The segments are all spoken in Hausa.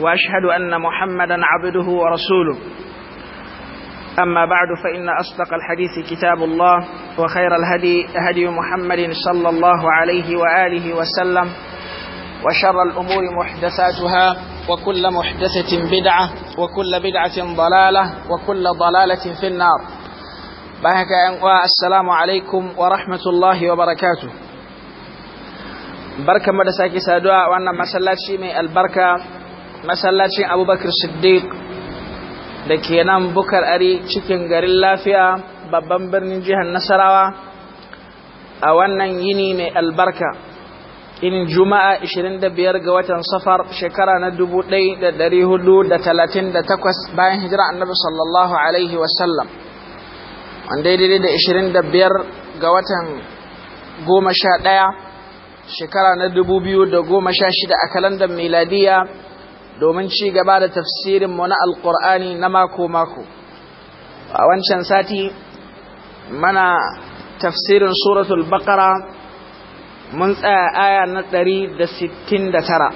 وأشهد أن محمدا عبده ورسوله أما بعد فإن أصدق الحديث كتاب الله وخير الهدي هدي محمد صلى الله عليه وآله وسلم وشر الأمور محدثاتها وكل محدثة بدعة وكل بدعة ضلالة وكل ضلالة في النار أنقوى السلام عليكم ورحمة الله وبركاته بركة مدساكي سادوا وأنا مسلاتي من البركة masallacin abubakar siddiq da ke nan bukar ari cikin garin lafiya babban birnin jihar nasarawa a wannan yini mai albarka inin juma'a 25 ga watan safar shekara na 1438 bayan hijira annabi sallallahu alaihi wasallam wanda daidai da 25 ga watan 11 shekara na 2016 a kalandar miladiyya domin ci gaba da tafsirin mu na Alƙur'ani na mako mako a wancan sati mana tafsirin suratul baqara mun tsaya aya na 169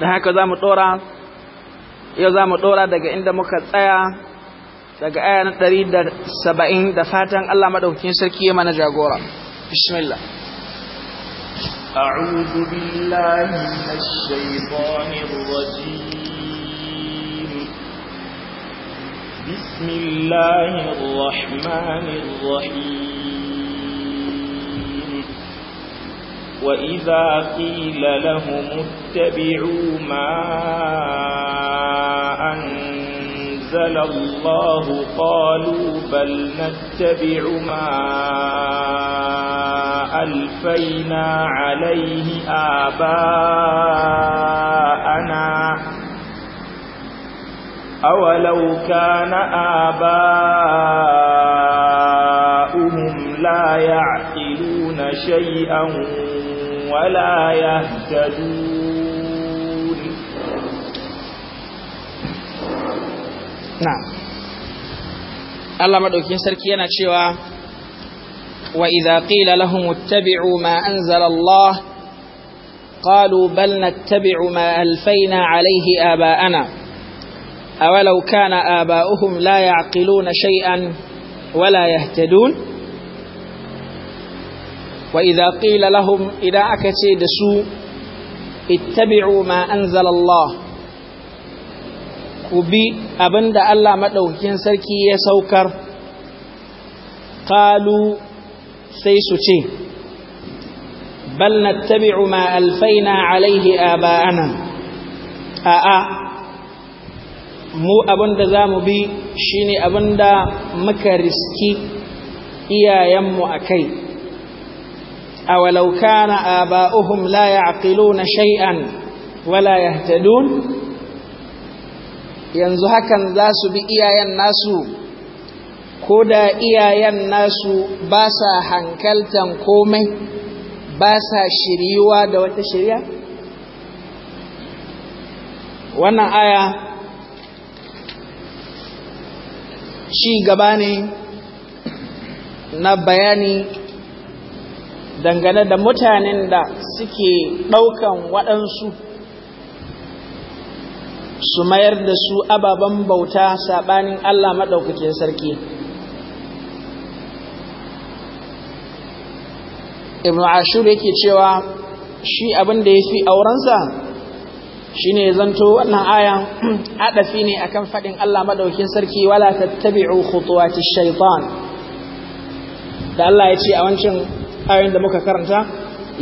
da haka za mu dora yau za mu dora daga inda muka tsaya daga aya na 170 da fatan Allah madaukakin sarki ya mana jagora bismillah أعوذ بالله من الشيطان الرجيم بسم الله الرحمن الرحيم وإذا قيل لهم اتبعوا ما أنزل أنزل الله قالوا بل نتبع ما ألفينا عليه آباءنا أولو كان آباؤهم لا يعقلون شيئا ولا يهتدون Allah maɗaukin sarki yana cewa wa idza qila lahum ittabi'u ma anzala Allah qalu bal nattabi'u ma alfayna alayhi aba'ana awalau kana aba'uhum la ya'qiluna shay'an wala yahtadun wa idza qila lahum idza akace da su ittabi'u ma anzala Allah ku bi abin da Allah maɗaukin sarki ya saukar ƙalu sai su ce bal na tabi'u ma alfaina alaihi a ba'ana a'a mu abin da za mu bi shi ne abin da muka riski iyayenmu a kai a walauka na a ba'uhum la ya aƙilu na shai'an wala ya yanzu hakan za su bi iyayen nasu ko da iyayen nasu ba sa hankaltan komai ba sa shiriwa da wata shirya wannan aya shi gaba ne na bayani dangane da mutanen da suke ɗaukan waɗansu su mayar da su ababen bauta saɓanin Allah maɗaukakin sarki ibn ashur yake cewa shi abin da ya fi aurensa shi ne zanto wannan aya haɗafi ne akan faɗin Allah maɗaukin sarki wala ta tattabi'u khutuwati shaitan da Allah ya ce a wancan ayoyin da muka karanta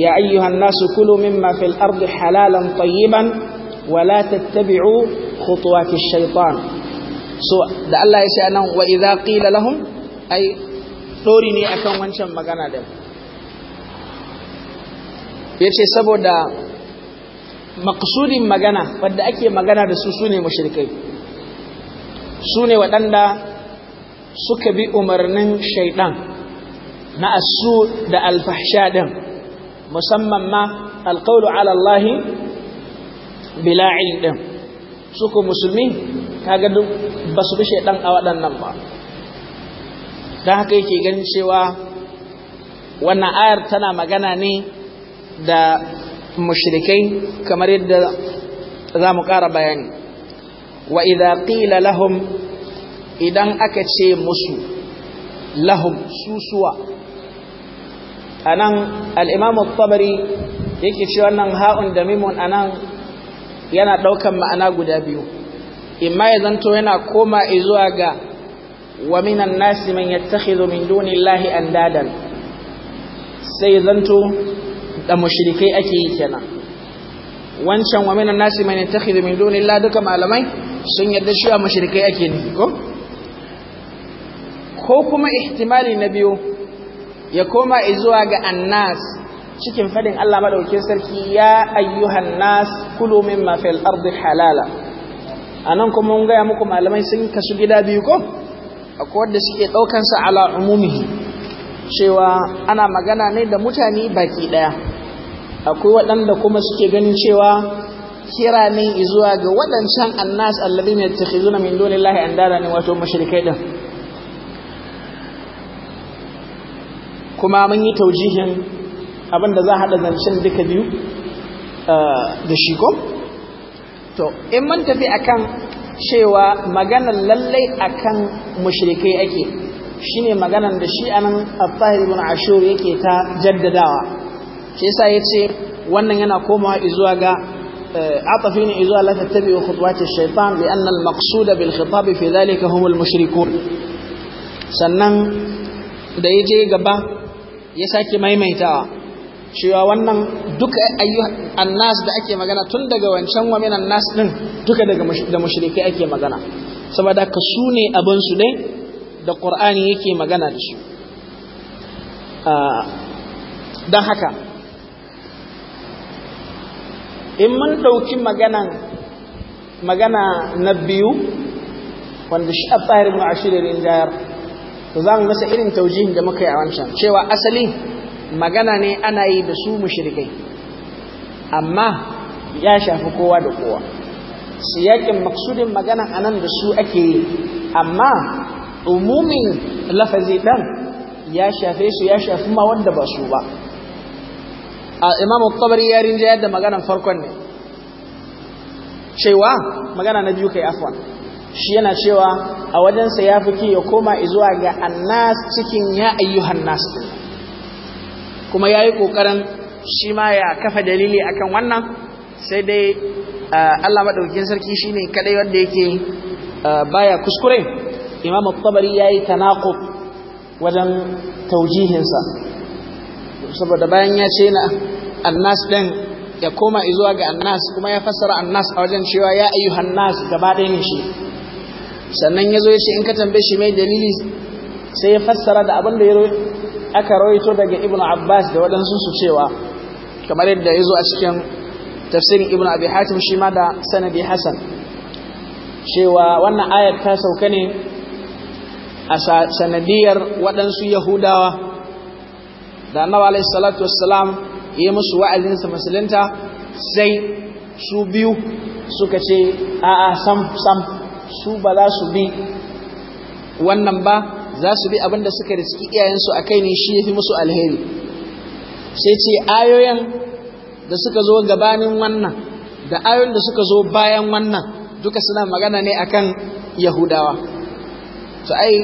ya ayyuhan nasu kulu mimma fil ardi halalan tayyiban wala tattabi'u khutuwati shaitan so da Allah ya ce anan wa idza qila lahum ai dori ne akan wancan magana da yace saboda maqsudin magana wanda ake magana da su sune mushrikai sune waɗanda suka bi umarnin shaitan na asu da alfahsha din musamman ma alqawlu ala allahi bila ilm su ko musulmi kaga duk ba su bishe shaidan a waɗannan ba don haka yake ganin cewa wannan ayar tana magana ne da mushrikai kamar yadda za mu ƙara bayani wa idha qila lahum idan aka ce musu lahum susuwa anan al-imam at-tabari yake ce wannan ha'un da mimun anan yana ɗaukan ma'ana guda biyu imma ya zanto yana koma zuwa ga wa minan nasi man yattakhidhu min duni llahi andadan sai zanto da mushrikai ake yi kenan wancan wa minan nasi man yattakhidhu min llahi duka malamai sun yadda shi a mushrikai ake ne ko ko kuma ihtimali na biyu ya koma zuwa ga annas cikin fadin Allah madaukin sarki ya ayyuhan nas kulu mimma fil ardi halala anan kuma mun gaya muku malamai sun kasu gida biyu ko akwai wanda suke daukan sa ala umumihi cewa ana magana ne da mutane baki daya akwai waɗanda kuma suke ganin cewa kira ne zuwa ga waɗancan annas alladhina yattakhizuna min dunillahi andada ne wato mushrikai din kuma mun yi taujihin abinda da za haɗa zancen duka biyu eh, da shi ko to in man tafi akan cewa maganar lallai akan mushrikai ake shine maganar da shi anan al-tahir ibn ashur yake ta jaddadawa shi ya ce wannan yana komawa izuwa ga wa kutuwa ce shaifan خطوات الشيطان لأن المقصود بالخطاب في zalika هم المشركون sannan da ya je gaba ya sake maimaitawa cewa wannan duka annas da ake magana tun daga wancan wa minan nas din duka daga da mushrikai ake magana saboda ka su ne abin su ne da qur'ani yake magana da su ah, don haka in mun ɗauki maganan magana na biyu wanda shi a tsarin ma'ashirin jayar to za mu masa irin taujihin da muka yi a wancan cewa asali magana ne ana yi da su mushirikai amma ya shafi kowa da kowa siyakin maksudin magana anan da su ake yi amma umumin lafazi ɗan ya shafe su ya shafi ma wanda ba su ba imamu tabari ya rinja yadda maganan farkon ne cewa magana na biyu kai afwan shi yana cewa a wajensa ya fi ya koma izuwa ga annas cikin ya ayyuhan nas din kuma ya yi ƙoƙarin shi ma ya kafa dalili akan wannan sai dai Allah maɗaukin sarki shi ne kaɗai wanda yake baya kuskure imam tabari ya yi tanakub wajen taujihinsa saboda bayan ya ce na annas ɗin ya koma izuwa ga annas kuma ya fassara annas a wajen cewa ya ayyuhan nas gaba ɗaya ne shi sannan ya zo ya ce in ka tambaye shi mai dalili sai ya fassara da abin da ya aka rawaito daga ibn abbas da waɗansu su cewa kamar yadda ya zo a cikin tafsirin ibn abi hatim shi ma da sanadi hasan cewa wannan ayar ta sauka ne a sanadiyar waɗansu yahudawa da annabi alaihi salatu wassalam yi musu wa'azinsa musulunta sai su biyu suka ce a'a sam sam su ba za su bi wannan ba za su bi abin da suka riski iyayensu a kai ne shi ya fi musu alheri sai ce ayoyin da suka zo gabanin wannan da ayoyin da suka zo bayan wannan duka suna magana ne akan yahudawa to ai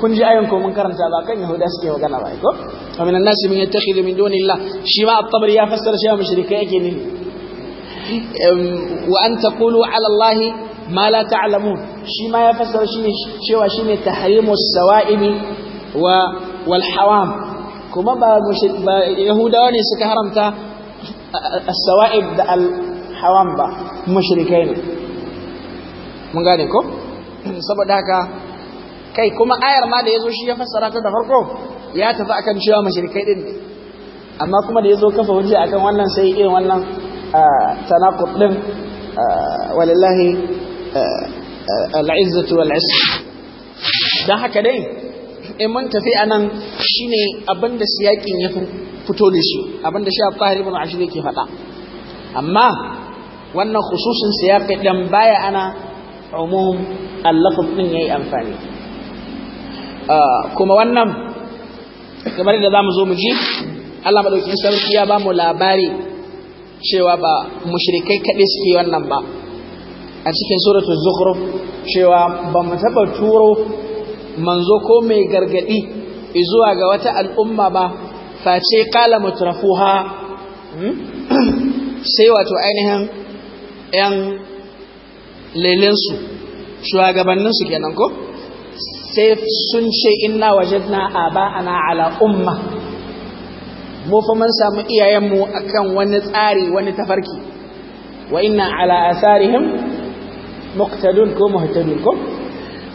kun ji ayon ko mun karanta ba kan yahuda suke magana ba ko amin annas min yattakhidhu min la. shi ma at-tabari ya fassara shi mushrikai yake ne wa an taqulu ala allahi ma la ta'lamun shi ma ya fassara shi ne cewa shi ne tahrimus sawa'imi wa wal hawam kuma ba yahudawa ne suka haramta as-sawa'ib da al hawam ba mushrikai ne mun gane ko saboda haka kai kuma ayar ma da yazo shi ya fassara ta da farko ya tafi akan cewa mushrikai din ne amma kuma da yazo kafa hujja akan wannan sai irin wannan ah, tanaqud din ah, walillahi ah, al'izzatu wal'isr don haka dai in mun tafi a nan shi ne abinda siyaƙin ya fito da shi abinda shi abu ƙahari shi ne ke faɗa amma wannan khususin siyaƙi ɗan baya ana umum allafin ɗin ya yi amfani ah, kuma wannan kamar da za mu zo mu ji Allah maɗaukin sarki ya ba mu labari cewa ba mushrikai kaɗai suke wannan ba a cikin suratul zukhruf cewa ba mu taɓa turo manzo ko mai gargaɗi zuwa ga wata al'umma ba face kala mutrafuha hmm? sai wato ainihin ‘yan lelensu su kenan ko sai sun ce inna wajadna aba'ana ala umma mu fa mun samu iyayenmu akan wani tsari wani tafarki wa inna ala asarihim muqtadun ko muhtadun ko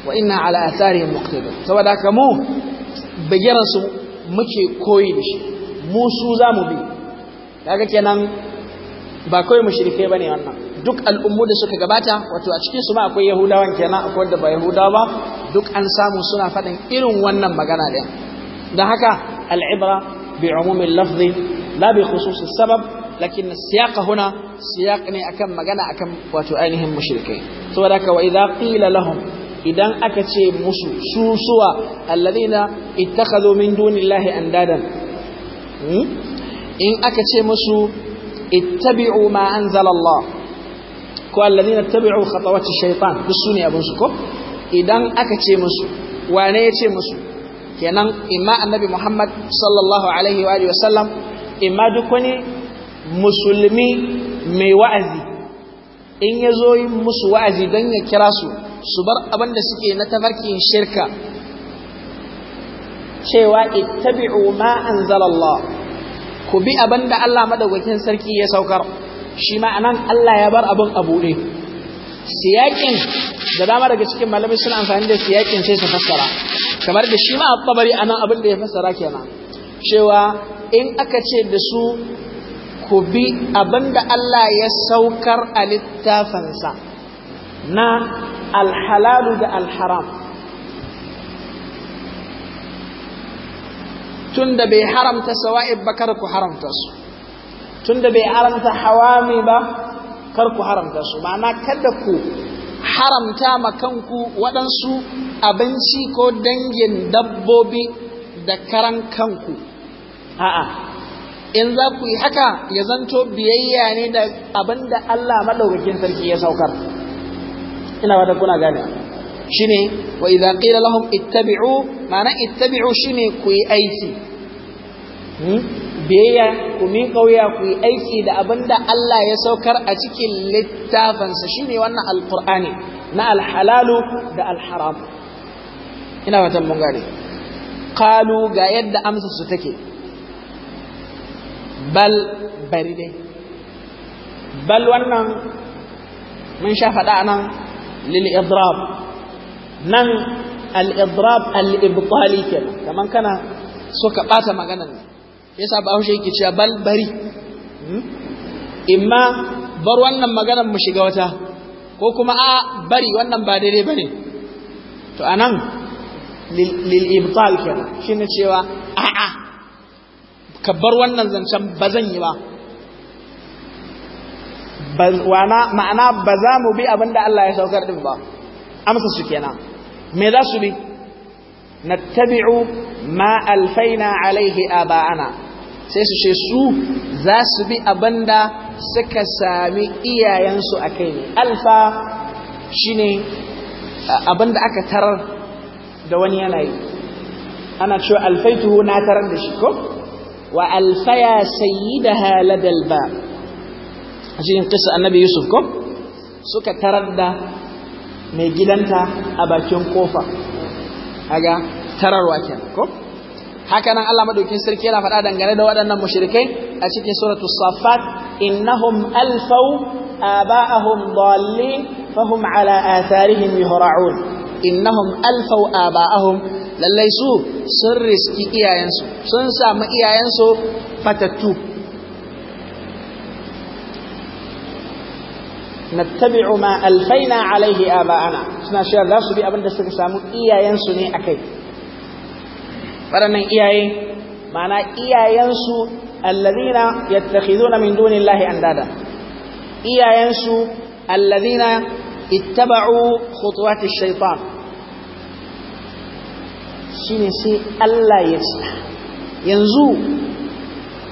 wa inna ala atharihim muqtadun saboda haka mu bayyaran su muke koyi da shi mu su zamu bi kaga kenan ba kawai mushrike bane wannan duk al'ummu da suka gabata wato a cikin su ma akwai yahudawan kenan akwai da ba yahudawa ba duk an samu suna faɗin irin wannan magana ɗin Da haka al'ibra bi umumin lafzi la bi khususi sabab lakin siyaqa huna siyaq ne akan magana akan wato ainihin mushrikai saboda haka wa idza qila lahum idan aka ce musu su suwa alladhina ittakhadhu min dunillahi andadan hmm? in aka ce musu ittabi'u ma anzalallah ko alladhina ittabi'u khatawati shaytan duk sune abun su ko idan aka ce musu wane ya ce musu kenan imma annabi muhammad sallallahu alaihi wa sallam imma duk wani musulmi mai wa'azi in ya zo yi musu wa'azi don ya kira su su bar abin da suke na tafarkin shirka cewa ittabi'u ma anzalallah ku bi abin da Allah madaukakin sarki ya saukar shi ma anan Allah ya bar abin a buɗe siyakin da dama daga cikin malamai suna amfani da siyakin sai su fassara kamar da shi ma a tabari anan abin da ya fassara kenan cewa in aka ce da su ku bi abinda Allah ya saukar a littafansa na alhalalu da alharam tun da bai haramta sawa'ib ba kar ku haramta su tun da bai haramta hawami ba kar ku haramta su ma'ana kada ku haramta ma kanku waɗansu abinci ko dangin dabbobi da karan kanku a'a in za ku yi haka ya zanto biyayya ne da abin da Allah maɗaukakin sarki ya saukar ina wata kuna gane shi ne wa idan ƙila lahum ittabi'u ma'ana ittabi'u shi ne ku yi aiki hmm? biyayya ku mi ƙauya ku yi aiki da abin da Allah ya saukar a cikin littafansa shi ne wannan alƙur'ani na alhalalu da alharam ina wata mun gane ƙalu ga yadda amsa su take bal bari dai bal wannan mun sha faɗa nan lil idrab nan al idrab al ibtali kenan kaman kana ka bata maganan ne yasa ba haushe yake cewa bal bari hmm? imma bar wannan maganar mu shiga wata ko kuma a bari wannan ba daidai bane to anan lil ibtal kenan shine cewa a'a ka bar wannan zancen ba zan yi ba ma'ana ba za mu bi abin Allah ya saukar din ba amsa su kenan me za su bi nattabi'u ma alfaina alaihi aba'ana sai su ce su za su bi abinda da suka sami iyayensu a kai ne alfa shine abin da aka tarar da wani yanayi ana cewa alfaituhu na tarar da shi ko وألفيا سيدها لدى الباب عشان قصة النبي يوسف كم سوك تردى ميجدنتا أباكيون كوفا أجا ترر واكيان كم هكذا أن الله مدوك يسرك يلا فرادا غريدا ودنا مشركين أشيكي سورة الصفات إنهم ألفوا آباءهم ضالين فهم على آثارهم يهرعون إنهم ألفوا آباءهم lallai su sun riski iyayensu sun samu iyayensu fatattu nattabi'u ma alfaina alaihi aba'ana suna cewa za su bi abinda suka samu iyayensu ne akai waɗannan iyaye ma'ana iyayensu allazina yattakhizuna min dunillahi andada iyayensu allazina ittaba'u khutuwati shaitan shine sai Allah ya ci yanzu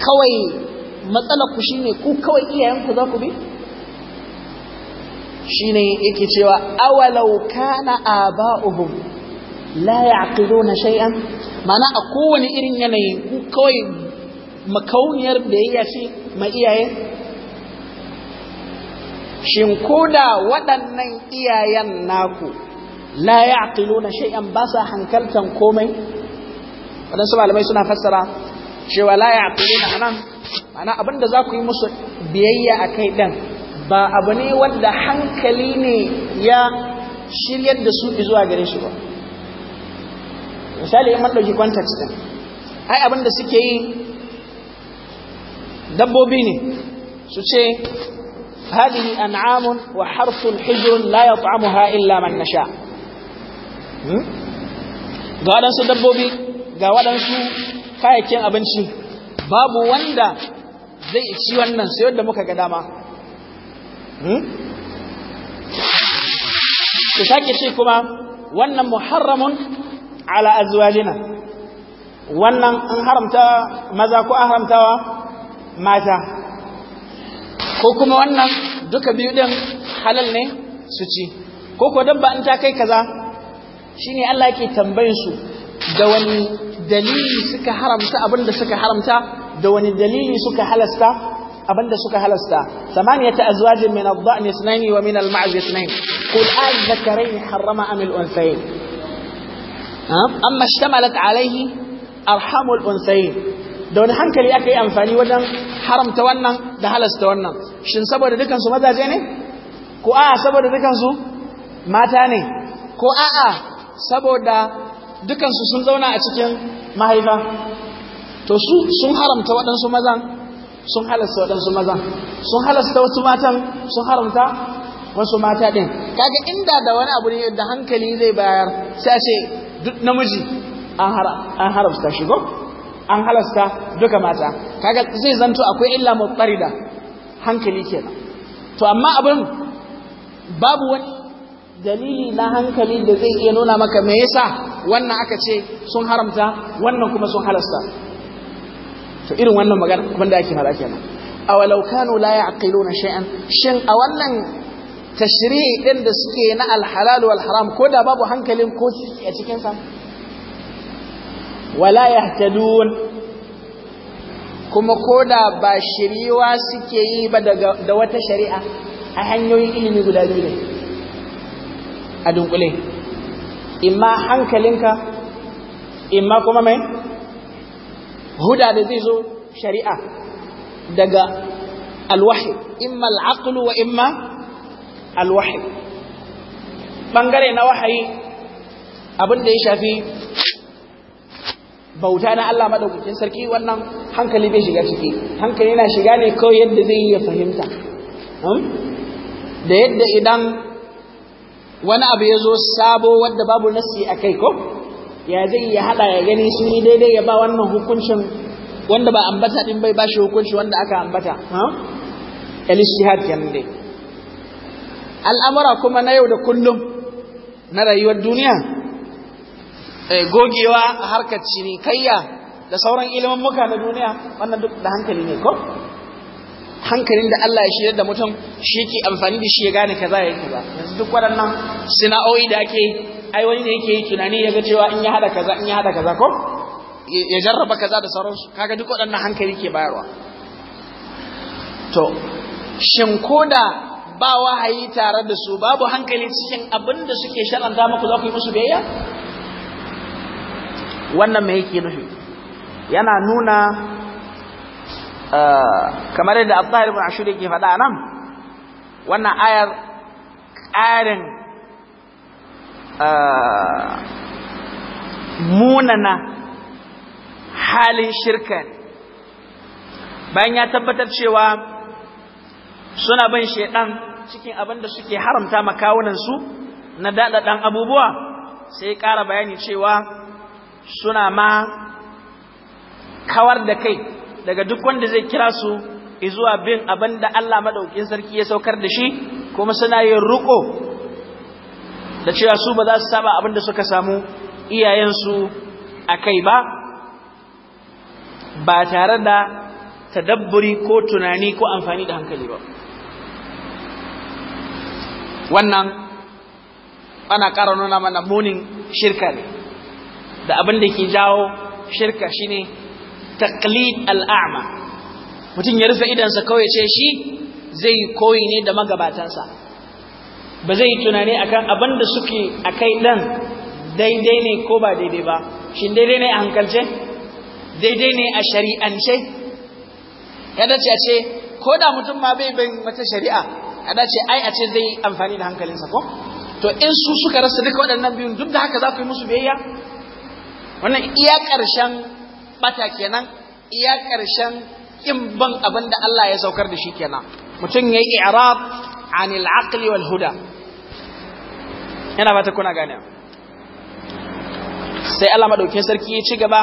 kawai matsalar ku shine ku kawai iyayenku za ku bi shine yake cewa awalau kana aba'uhum la ya'qiluna shay'an mana a kowane irin yanayi ku kawai makauniyar biyayya ce ma iyaye shin koda waɗannan iyayen naku la ya'qiluna shay'an ba sa hankaltan komai wadansu malamai suna fassara cewa la ya'qiluna anan ana abinda za ku yi musu biyayya akai dan ba abu ne wanda hankali ne ya shiryar da su zuwa gare shi ba misali in dauki context ɗin ai abinda suke yi dabbobi ne su ce هذه أنعام وحرف حجر لا يطعمها إلا من نشاء Hmm? ga waɗansu dabbobi ga waɗansu kayayyakin abinci babu wanda zai ci wannan sai wanda muka ga dama hmm? ku sake ce kuma wannan muharramun ala azwajina wannan an haramta maza ko haramtawa mata ko kuma wannan duka biyu din halal ne su ci ko ko dabba in ta kai kaza shine Allah yake tambayin su da wani dalili suka haramta abinda suka haramta da wani dalili suka halasta abinda suka halasta samaniyata azwajin min ad-dha'n ithnayn wa min al-ma'z ithnayn qul adh-dhakarayn harrama am al-unthayn amma ishtamalat alayhi arhamu al-unthayn da wani hankali aka yi amfani wajen haramta wannan da halasta wannan shin saboda dukansu mazaje ne ko a'a saboda dukansu mata ne ko a'a saboda dukansu sun zauna a cikin mahaifa to su sun haramta waɗansu mazan sun halasta waɗansu mazan sun halasta wasu matan sun haramta wasu mata ɗin kaga inda da wani abu ne da hankali zai bayar sai a ce duk namiji an haramta shi an halasta duka mata kaga zai zanto akwai illa da hankali kenan to amma abin babu wani dalili na hankali da zai iya nuna maka me yasa wannan aka ce sun haramta wannan kuma sun halasta to irin wannan magana wanda ake fara kenan awalau kanu la ya'qiluna shay'an shin a wannan tashri'i din da suke na alhalal wal haram ko da babu hankalin ko a cikin sa wala yahtadun kuma ko da ba shiriwa suke yi ba da wata shari'a a hanyoyin ilimi guda biyu ne a dunkule imma hankalinka imma kuma mai huda da zai zo shari'a daga alwahi imma al'aqlu wa imma alwahi bangare na wahayi abin da ya shafi bauta na Allah madaukakin sarki wannan hankali bai shiga ciki hankali yana shiga ne kawai yadda zai iya fahimta hmm? da yadda idan wani abu ya zo sabo wadda babu nasi a kai ko ya zai ya haɗa ya gani sun yi daidai ya ba wannan hukuncin wanda ba ambata din bai bashi hukunci wanda aka ambata al-ishtihad kenan dai al'amura kuma na yau da kullum na rayuwar duniya eh, gogewa harkar cinikayya da sauran ilimin muka na duniya wannan duk da hankali ne ko hankalin da Allah ya shirya da mutum shi ke amfani da shi ya gane kaza ya kaza yanzu duk waɗannan sana'o'i da ake ai wani ne yake yi tunani ya ga cewa in ya hada kaza in ya hada kaza ko ya jarraba kaza da sauransu kaga duk waɗannan hankali ke bayarwa to shin koda ba wahayi tare da su babu hankali cikin abin da suke sharanta muku za ku yi musu biyayya wannan me yake nufi yana nuna Eh, kamar yadda Abdullahi ibn Ashur yake faɗa nan wannan ayar ƙarin eh, munana halin shirka bayan ya tabbatar cewa suna bin shaidan cikin abin da suke haramta makawunansu na daɗaɗɗen abubuwa sai ƙara bayani cewa suna ma kawar da kai daga duk wanda zai kira su zuwa bin abin da Allah madaukin sarki ya saukar da shi kuma suna yin ruko da cewa su ba za su saba abin da suka samu iyayensu a kai ba ba tare da tadabburi ko tunani ko amfani da hankali ba wannan ana ƙara nuna mana munin shirka ne da abin da ke jawo shirka shine Taklid al'ama mutum ya rufe idansa kawai ce shi zai koyi ne da magabatansa ba zai tunani akan abin da suke akai dan daidai ne ko ba daidai ba shin daidai ne a hankalce daidai ne a shari'ance ya dace a ce ko da mutum ma bai bin wata shari'a ya dace ai a ce zai amfani da hankalinsa ko to in su suka rasa duka waɗannan biyun duk da haka za ku yi musu biyayya wannan iya ƙarshen bata kenan iya ƙarshen in ban abin da Allah ya saukar da shi kenan mutum ya yi i'rab anil aqli wal huda yana ta kuna gane sai Allah madaukin sarki ya ci gaba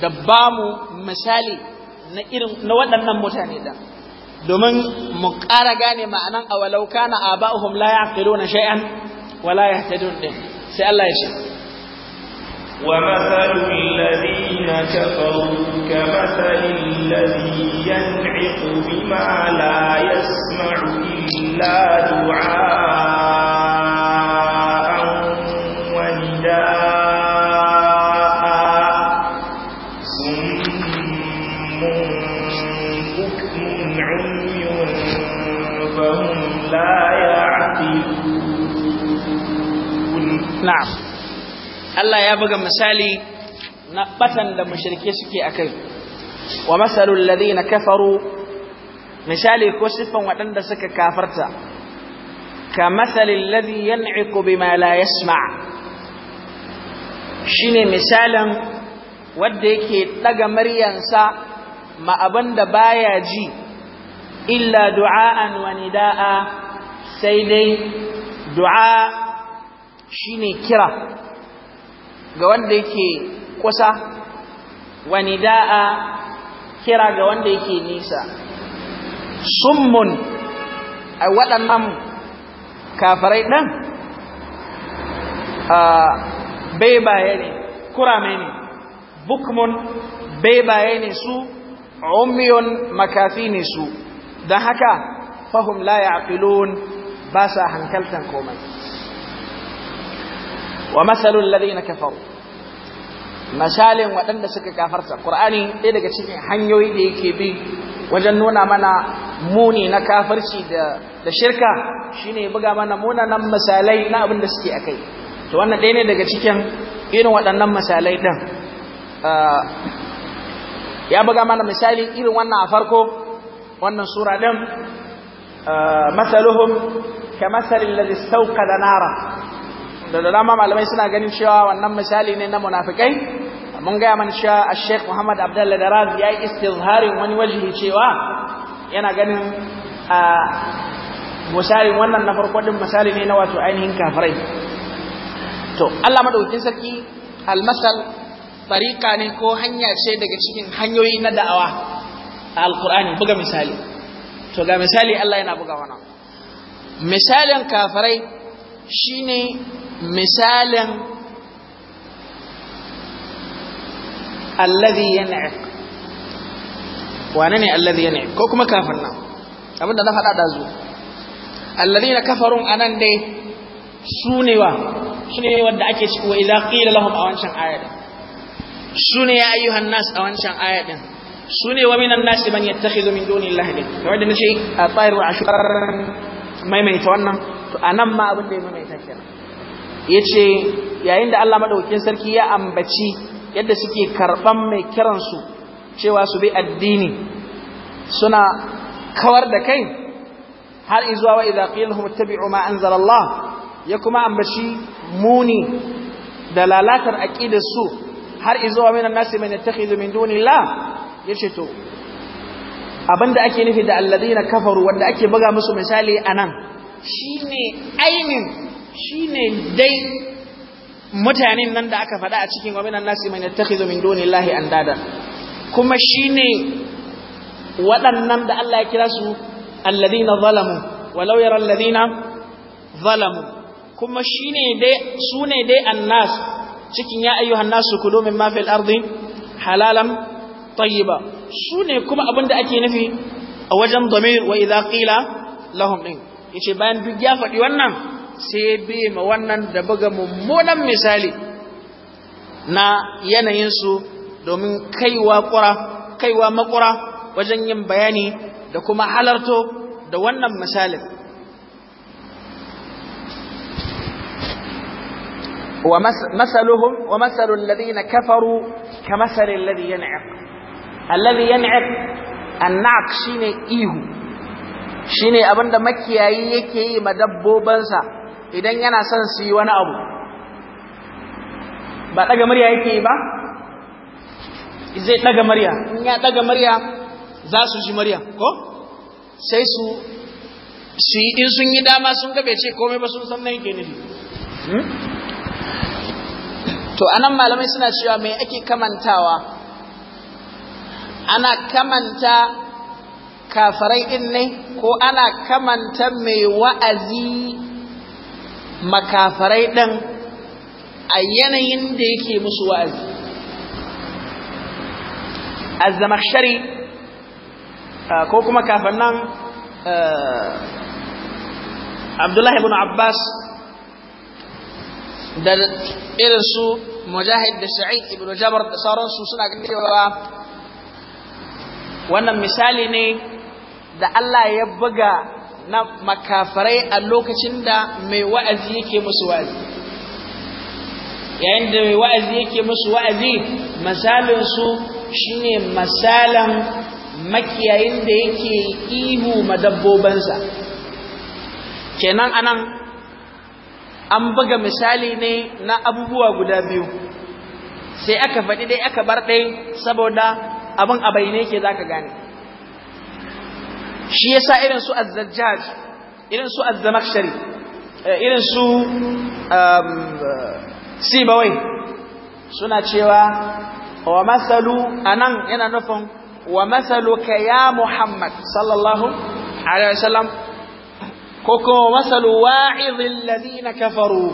da ba mu misali na irin na waɗannan mutane da domin mu ƙara gane ma'anan awalau kana aba'uhum la yaqiluna shay'an wala yahtadun din sai Allah ya ce ومثل الذين كفروا كمثل الذي ينعق بما لا يسمع إلا دعاء Allah ya buga misali na batan da mushrike suke akai wa masalul ladina kafaru misali ko sifan waɗanda suka kafarta ka masalil ladhi yan'iqu bima la yasma shine misalan wanda yake daga maryansa ma abinda baya ji illa du'aan wa nidaa sai dai du'a shine kira ga wanda yake kusa wa nida'a kira ga wanda yake nisa summun a waɗannan kafarai bai bayani. ne kurame ne bukmun bai ne su umiyun makafi ne su don haka fahim la ya ba sa hankaltan komai wa masalul ladina kafaru misalin waɗanda suka kafarta qur'ani ɗaya daga cikin hanyoyi da yake bi wajen nuna mana muni na kafirci da da shirka shine buga mana munanan misalai na abin da suke akai to wannan ɗaya ne daga cikin irin waɗannan misalai din ah, ya buga mana misali irin wannan a farko wannan sura din ah, masaluhum kamasalil ladhi istawqada nara da dama malamai suna ganin cewa wannan misali ne na munafikai mun gaya mana cewa a sheikh muhammad abdullah daraz ya yi istizharin wani wajihi cewa yana ganin a misalin wannan na farko din misali ne na wato ainihin kafirai to allah madaukin sarki almasal tariƙa ne ko hanya ce daga cikin hanyoyi na da'awa a alkur'ani buga misali to ga misali allah yana buga wannan misalin kafirai shine misalin allazi yan'iq wane ne allazi yan'iq ko kuma kafin nan abinda na faɗa zo. allazi na kafarun nan dai su ne wa su ne wadda ake ciki wa iza qila lahum a wancan ayatin su ne ya ayyuhan nas a wancan ayatin su ne wa minan nas man yattakhidhu min doni ne kamar da nace a tsayar wa ashkar maimaita wannan to a nan ma abin da ya maimaita kenan ya ce yayin da Allah maɗaukin sarki ya ambaci yadda suke karɓan mai kiransu cewa su bi addini suna kawar da kai har izuwa wa idza qilhum ittabi'u ma anzala Allah ya kuma ambaci muni da lalatar aqidar su har izuwa minan nasi man yattakhidhu min dunillah yace to abinda ake nufi da na kafaru wanda ake buga musu misali anan shine ainin ne dai mutanen nan da aka faɗa a cikin wa nasi man yattakhidhu min an dada, kuma ne waɗannan da Allah ya kira su alladina zalamu walau yara alladina zalamu kuma ne dai ne dai annas cikin ya ayyuhan nasu kulu mimma fil ardi halalan tayyiba sune kuma da ake nufi a wajen damir wa idza qila lahum din yace bayan duk ya faɗi wannan sai bi ma wannan da buga mummunan misali na yanayinsu domin kaiwa ƙura kaiwa makura wajen yin bayani da kuma halarto da wannan misalin ومثلهم ومثل الذين كفروا كمثل الذي ينعق الذي ينعق النعق شيني إيهو shine abinda makiyayi yake yi ma dabbobinsa. idan yana son su yi wani abu ba ɗaga murya yake yi ba zai ɗaga murya in ya ɗaga murya za su ji murya ko sai su shi in sun yi dama sun gabe ce komai ba sun san na yake nufi hmm? to anan malamai suna cewa mai ake kamantawa ana kamanta kafarai ɗin ne ko ana kamanta mai wa'azi makafarai ɗan a yanayin da yake musu wa'azi azzamakshari ko kuma kafin nan abdullahi ibn abbas da irin su mujahid da sa'id ibn jabar da sauransu suna cewa wannan misali ne da Allah ya buga na makafarai a lokacin da mai wa'azi yake musu wa'azi yayin da mai wa'azi yake musu wa'azi misalinsu shine misalan makiyayin da yake ihu madabbobansa kenan anan an buga misali ne na abubuwa guda biyu sai aka faɗi dai aka bar ɗai saboda abin abai ne ke za ka gane shi yasa irin su azzajjaj irin su azzamakshari eh, irin su um, sibawai suna cewa wa masalu anan yana nufin wa masaluka ya muhammad sallallahu alaihi wasallam ko kuma masalu wa'idhin ladina kafaru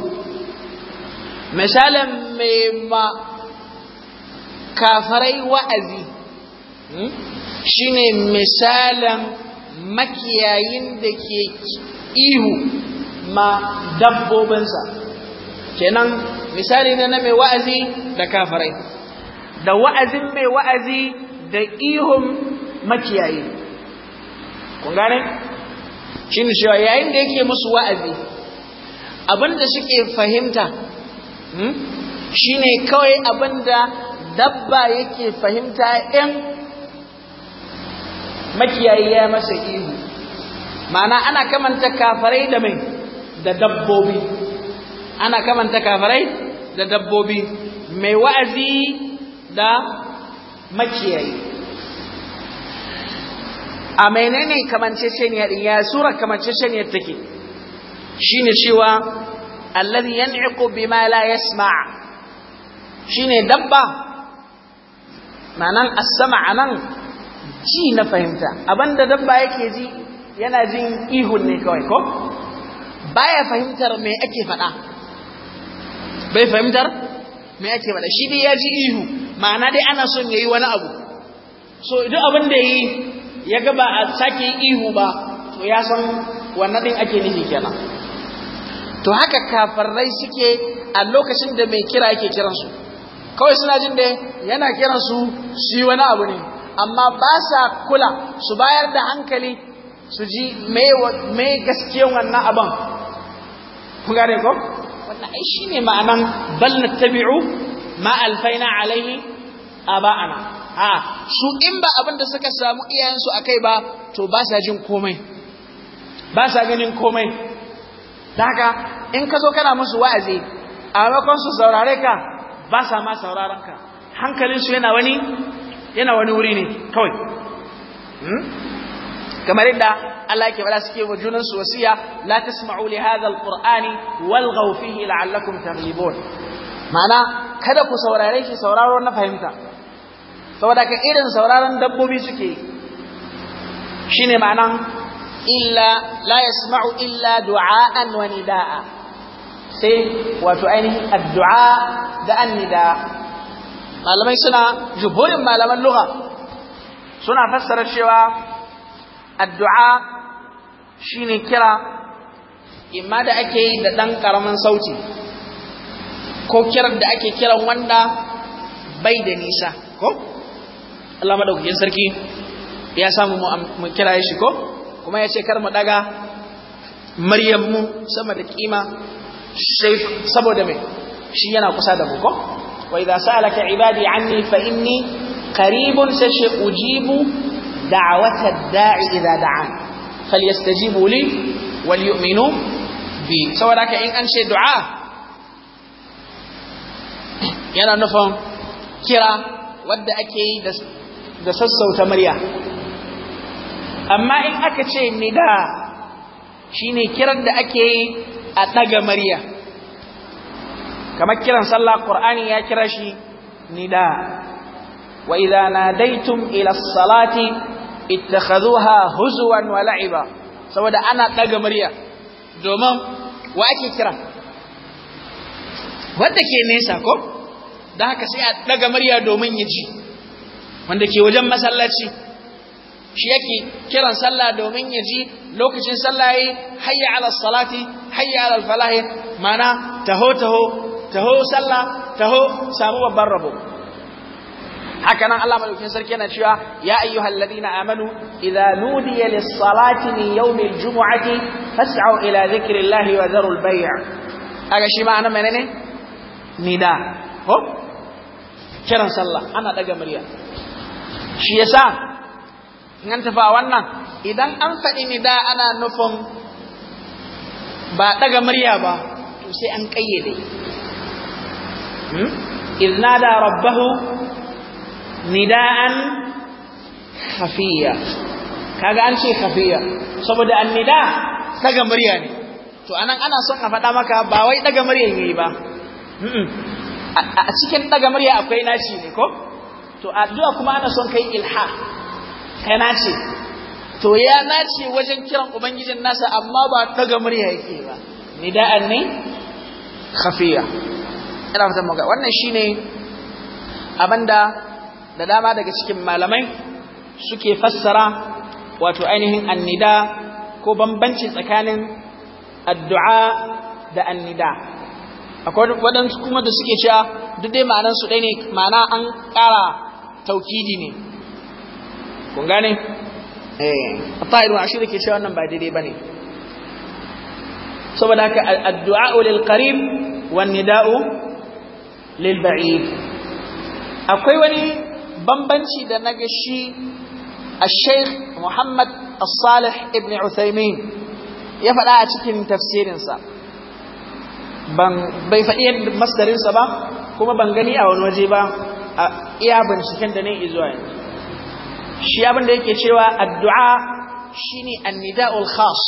misalin me ma kafarai wa'azi hmm, shine misalin makiyayin da ke ihu ma dabbobinsa kenan misali ne na mai wa'azi da kafirai da wa'azin mai wa'azi da ihun makiyayi kun gane shi ne shi yayin da yake musu wa'azi abinda suke fahimta hmm, shi ne kawai abinda dabba yake fahimta 'yan makiyayi ya masa ihu ma'ana ana kamanta kafarai da mai da dabbobi ana kamanta kafarai da dabbobi mai wa'azi da makiyayi a menene kamanceceniyar ya sura kamanceceniyar take shine cewa allazi yan'iqu bima la yasma' shine dabba ma'anan as-sam'a nan ci na fahimta abinda dabba yake ji yana jin ihun ne kawai ko baya fahimtar me ake faɗa bai fahimtar me ake faɗa shi dai ya ji ihu ma'ana dai ana son yayi wani abu so duk abin da yi ya ga ba a sake ihu ba to ya san wannan din ake nufi kenan to haka kafarrai suke a lokacin da mai kira yake kiransu kawai suna jin da yana kiransu su yi wani abu ne amma ba sa kula su bayar da hankali su ji mai gaskiyan wannan abin ku gane ko wannan ai ne ma'anan bal tabi'u ma alfaina alaihi aba'ana a su in ba abin da suka samu iyayensu akai ba to ba sa jin komai ba sa ganin komai da haka in ka zo kana musu wa'azi a maimakon su saurare ka ba sa ma sauraron ka hankalinsu yana wani yana wani wuri ne kawai hmm? kamar yadda Allah yake bada suke wa junan su wasiya la tasma'u li hadha alqur'ani walghaw fihi la'allakum taghlibun ma'ana kada ku saurare shi sauraro na fahimta saboda ka irin sauraron dabbobi suke shine maana illa la yasma'u illa du'a'an wa nida'a sai wato ainihin addu'a da annida malamai suna jumhurin malaman luha, suna fassara cewa addu'a shine kira imma da ake yi da ɗan ƙaramin sauti ko kiran da ake kiran wanda bai da nisa ko Allah madaukakin sarki ya samu mu kira shi ko kuma ya ce kar mu ɗaga Maryam mu sama da kima saboda mai shi yana kusa da mu ko وإذا سألك عبادي عني فإني قريب سأجيب دعوة الداعي إذا دعان فليستجيبوا لي وليؤمنوا بي سواء لك إن أنشي دعاء يانا نفهم كرا ودأكي أكي دسسو تمريا أما إن أكتشي النداء شيني كرا دأكي أكي أتنقى مريا kamar kiran sallah qur'ani ya kira shi nida wa idza nadaitum ila salati ittakhadhuha huzwan wa la'iba saboda ana daga murya domin wa ake kira wanda ke nesa ko dan haka sai a daga murya domin ya ji wanda ke wajen masallaci shi yake kiran sallah domin ya ji lokacin sallah yayi hayya ala salati hayya ala falahi mana taho taho taho sallah taho samu babban rabo haka nan Allah madaukakin sarki yana cewa ya ayyuhal ladina amanu idza nudiya lis-salati min yawmil jumu'ati fas'au ila dhikrillahi wa dharul bay' aga shi ma'ana menene nida Ho! kiran sallah ana daga murya shi yasa in an tafa wannan idan an faɗi nida ana nufin ba daga murya ba to sai an kayyade izna da rabbahu nida'an khafiya kaga an ce khafiya saboda annida daga murya ne to anan ana son a faɗa maka ba wai daga murya yi ba a cikin daga murya akwai naci ne ko to addu'a kuma ana son kai ilha kai naci to ya naci wajen kiran ubangijin nasa amma ba daga murya yake ba nida'an ne khafiya ina fatan muka wannan shine abanda da dama daga cikin malamai suke fassara wato ainihin annida ko bambanci tsakanin addu'a da annida akwai waɗansu kuma da suke cewa duk dai ma'anar su ɗaya ne ma'ana an ƙara taukidi ne kun gane eh ta'iru ashir ke cewa wannan ba daidai bane saboda haka addu'a lil qarib wan nida'u lil ba'id akwai wani bambanci da naga shi al-sheikh Muhammad al-Salih ibn Uthaymeen ya faɗa a cikin tafsirinsa ban bai faɗi yadda masdarinsa ba kuma ban gani a wani waje ba a iya binciken da ne zuwa yanzu shi abin da yake cewa addu'a shine annida'ul khas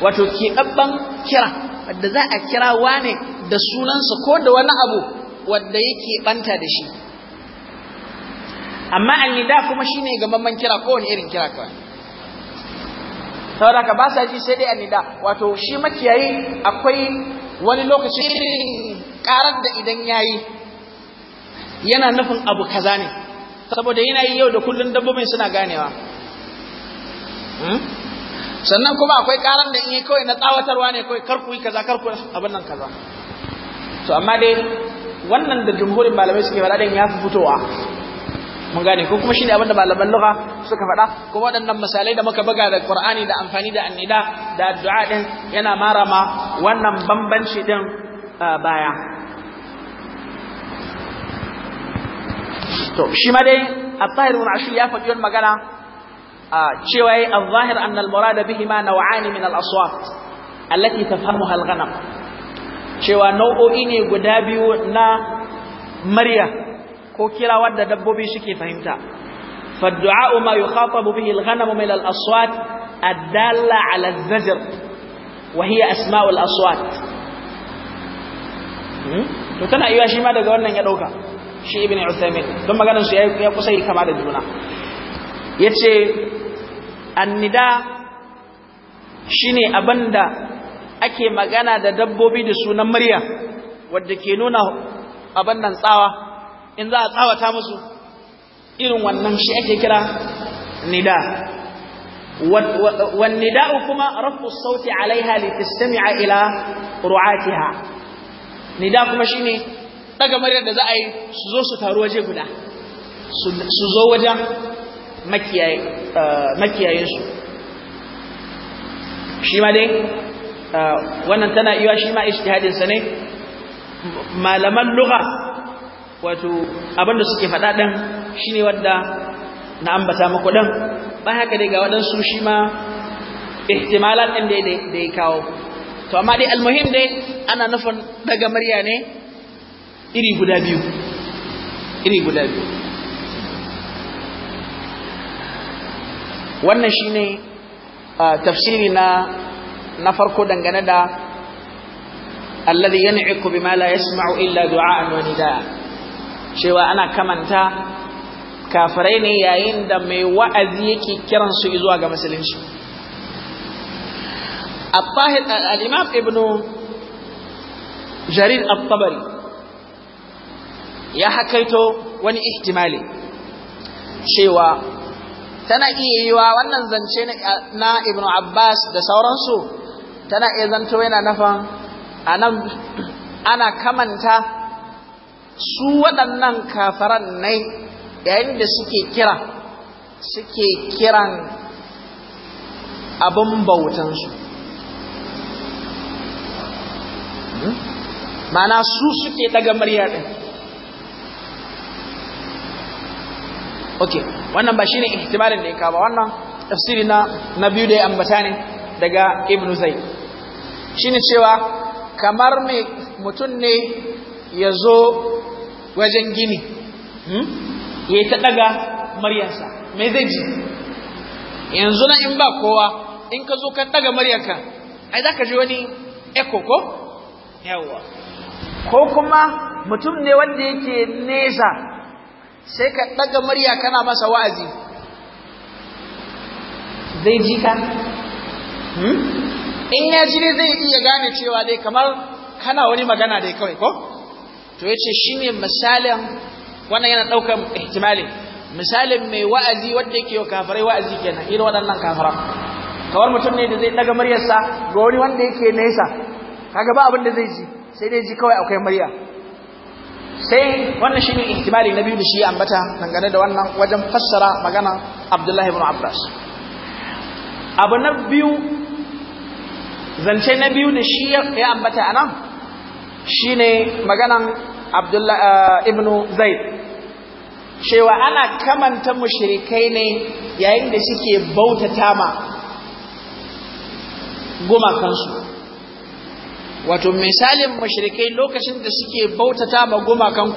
wato keɓaɓɓen kira wadda za a kira wane da sunansa ko da wani abu wadda yake banta da shi amma annida kuma shine gamamman kira ko wani irin kira kawai saboda ka ba sa ji sai dai annida wato shi makiyayi akwai wani lokaci karar da idan yayi yana nufin abu kaza ne saboda yana yi yau da kullun dabbobin suna ganewa hmm? sannan kuma akwai karan da in kawai na tsawatarwa ne kawai karku yi kaza karku abin nan kaza to amma dai wannan da jumhurin malamai suke faɗa din ya fi fitowa mun gane ko kuma shine abin da malaman lugha suka faɗa kuma waɗannan misalai da muka buga da Qur'ani da amfani da annida da addu'a din yana mara ma wannan bambanci din baya to shi ma dai a tsahirin ashirin ya faɗi wani magana cewa yi a zahir anna al bihi ma naw'ani min al allati tafhamuha al-ghanam cewa nau'o'i ne guda biyu na murya ko kira wadda dabbobi suke fahimta fa du'a ma yukhatabu bihi al-ghanam min al-aswat ad 'ala az-zajr asma'u al-aswat to tana iya shi ma daga wannan ya ɗauka? shi ibn Uthaymeen don maganar su ya kusa kama da juna ya ce annida shi ne abin da ake magana da dabbobi da sunan murya wadda ke nuna abin nan tsawa in za a tsawata musu irin wannan shi ake kira nida والنداء كما رفع الصوت عليها لتستمع إلى رعاتها نداء كما شيني daga maryar da za a yi su zo su taru waje guda su zo wajen Uh, makiyayinsu shi ma dai uh, wannan tana iya shi ma ishtihadinsa ne malaman lugha wato abinda suke faɗa ɗin shi ne wadda na ambata makudan ɗin ba haka dai ga waɗansu shi ma ihtimalan ɗin da ya kawo to amma dai almuhim dai ana nufin daga murya ne iri guda biyu iri guda biyu wannan shine ah, tafsiri na na farko dangane da alladhi yan'iku bima la yasma'u illa du'a'an wa nidaa cewa ana kamanta kafirai ne yayin da mai wa'azi yake kiran su zuwa ga musulunci al-imam ibnu jarir at-tabari ya hakaito wani ihtimali cewa tana iya yiwa wannan zance na ibn abbas da sauransu tana iya zanto yana nafan anan ana kamanta su waɗannan kafaran ne yayin da suke kira suke kiran abin bautansu mana hmm? su suke daga murya ɗin okay wannan ba shine ihtimalin da yake ba wannan tafsiri na Nabiyu da ya ambata ne daga Ibn Zayd. shine cewa kamar mai mutun ne yazo wajen gini hmm? Ya ta daga maryarsa me zai ji yanzu na in ba kowa in ka zo ka daga maryarka ai zaka ji wani echo ko yawa ko kuma mutum ne wanda yake nesa sai ka ɗaga murya kana masa wa'azi zai ji ka hmm? in ya ji ne zai iya gane cewa dai kamar kana wani magana dai kawai ko to yace shine misalin wannan yana ɗaukan ihtimali misalin mai wa'azi wanda yake kafirai wa'azi kenan irin waɗannan kafira kawar mutum ne da zai ɗaga muryarsa ga wani wanda yake nesa kaga ba abin da zai ji sai dai ji kawai akwai murya sai wannan shine ihtimali na biyu da shi ambata dangane da wannan wajen fassara magana Abdullahi ibn Abbas abu na biyu zance na biyu da shi ya ambata anan shine maganan Abdullahi eh, ibn Zaid cewa ana kamanta mushrikai ne yayin da suke bautata ma gumakansu wato misalin mashirikai lokacin da suke bautata ma gumakan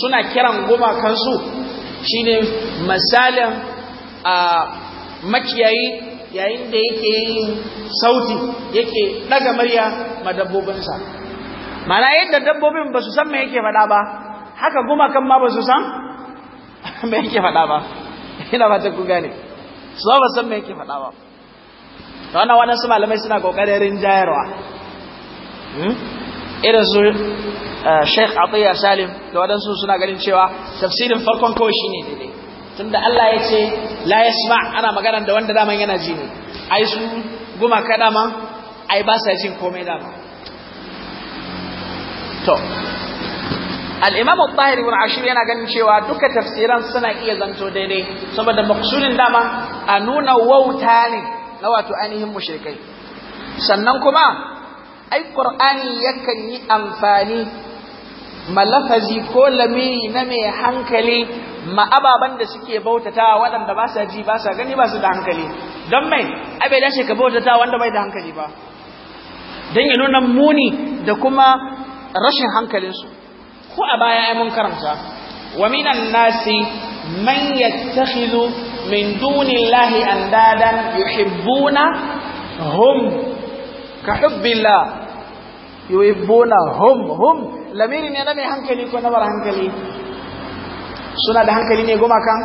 suna kiran gumakan su shine misalin a makiyayi yayin da yake yin sauti yake daga murya ma dabbobinsa mana yadda dabbobin ba su san me yake faɗa ba haka gumakan ma ba su san me yake faɗa ba ina ba ta ku gane su ba san me yake faɗa ba wannan wannan su malamai suna kokarin jayarwa Hmm? irin su eh, Sheikh Atiyya Salim da wadansu suna ganin cewa tafsirin farkon kawai shi ne daidai tunda Allah ya ce la yasma ana magana da wanda daman yana ji ne ai su guma ka dama ai ba sa jin komai dama to al-Imam al-Tahir ibn Ashir yana ganin cewa duka tafsiran suna iya zanto daidai saboda maqsudin dama a nuna wauta na wato ainihin mushrikai sannan kuma ai qur'ani yakan yi amfani malafazi ko lamiri na mai hankali ma ababan da suke bautatawa waɗanda ba sa ji ba sa gani ba su da hankali don mai ai dace ka bautata wanda bai da hankali ba don ya nuna muni da kuma rashin hankalinsu ko a baya ai mun karanta wa minan nasi man yattakhidhu min dunillahi andadan yuhibbuna hum كحب الله hum hum! lamiri ne na hankali ko na bar hankali suna da hankali ne goma kan